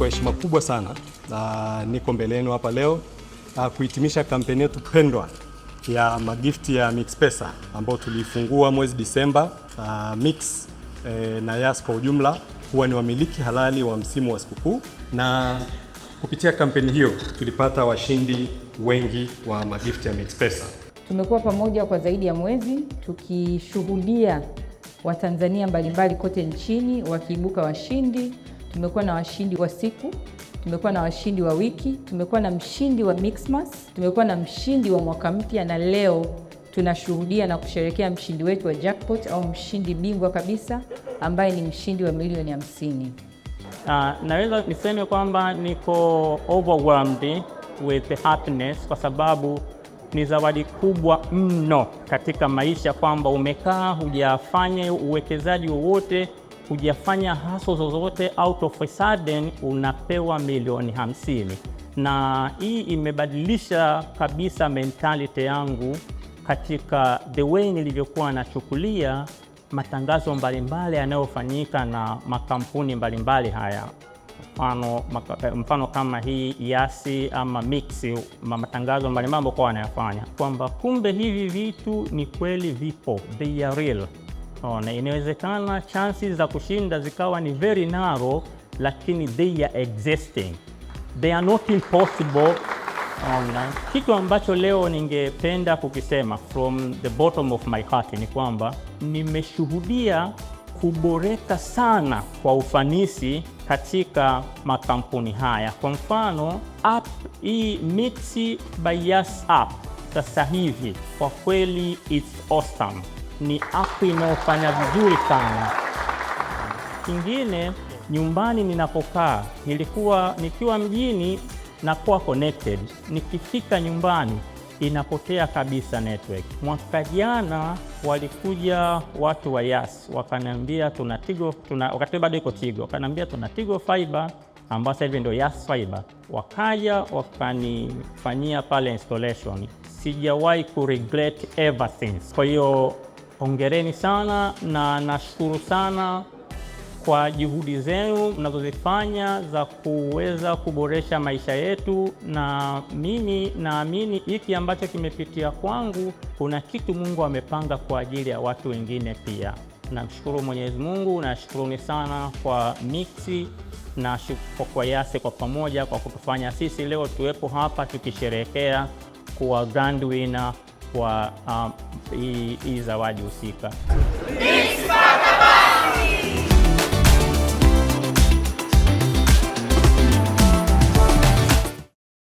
kwa heshima kubwa sana uh, niko mbele yenu hapa leo uh, kuhitimisha kampeni yetu pendwa ya magifti ya Mix Pesa ambayo tulifungua mwezi Disemba. Uh, Mix eh, na Yas kwa ujumla huwa ni wamiliki halali wa msimu wa sikukuu, na kupitia kampeni hiyo tulipata washindi wengi wa magifti ya Mix Pesa. Tumekuwa pamoja kwa zaidi ya mwezi tukishuhudia Watanzania mbalimbali kote nchini wakiibuka washindi tumekuwa na washindi wa siku, tumekuwa na washindi wa wiki, tumekuwa na mshindi wa Mixmas, tumekuwa na mshindi wa mwaka mpya, na leo tunashuhudia na kusherekea mshindi wetu wa jackpot au mshindi bingwa kabisa ambaye ni mshindi wa milioni hamsini. Uh, naweza niseme kwamba niko overwhelmed with the happiness kwa sababu ni zawadi kubwa mno katika maisha, kwamba umekaa hujafanya uwekezaji wowote hujafanya haso zozote out of a sudden unapewa milioni hamsini. Na hii imebadilisha kabisa mentality yangu katika the way nilivyokuwa nachukulia matangazo mbalimbali yanayofanyika na makampuni mbalimbali haya, mfano, mfano kama hii Yasi ama Mixi, matangazo mbalimbali ambayo kwa wanayafanya kwamba kumbe hivi vitu ni kweli vipo, they are real. Ona, oh, inawezekana chances za kushinda zikawa ni very narrow, lakini they are existing, they are not impossible. Ona, oh, kitu ambacho leo ningependa kukisema from the bottom of my heart ni kwamba nimeshuhudia kuboreka sana kwa ufanisi katika makampuni haya. Kwa mfano app hii Mixx by Yas app sasa hivi kwa kweli it's awesome ni app inayofanya vizuri sana. Kingine nyumbani ninapokaa, nilikuwa nikiwa mjini nakuwa connected, nikifika nyumbani inapotea kabisa network. Mwaka jana walikuja watu wa Yas wakaniambia tuna Tigo, tuna wakati bado iko Tigo, wakaniambia tuna Tigo Fiber ambayo sasa hivi ndio Yas Fiber, wakaja wakanifanyia pale installation. Sijawahi ku regret ever since. Kwa hiyo Hongereni sana na nashukuru sana kwa juhudi zenu mnazozifanya za kuweza kuboresha maisha yetu, na mimi naamini hiki ambacho kimepitia kwangu, kuna kitu Mungu amepanga kwa ajili ya watu wengine pia. Namshukuru Mwenyezi Mungu, nashukuruni sana kwa mixi na kwa Yase kwa pamoja kwa kutufanya sisi leo tuwepo hapa tukisherehekea kuwa grand winner kwa um, hii um, zawadi husika.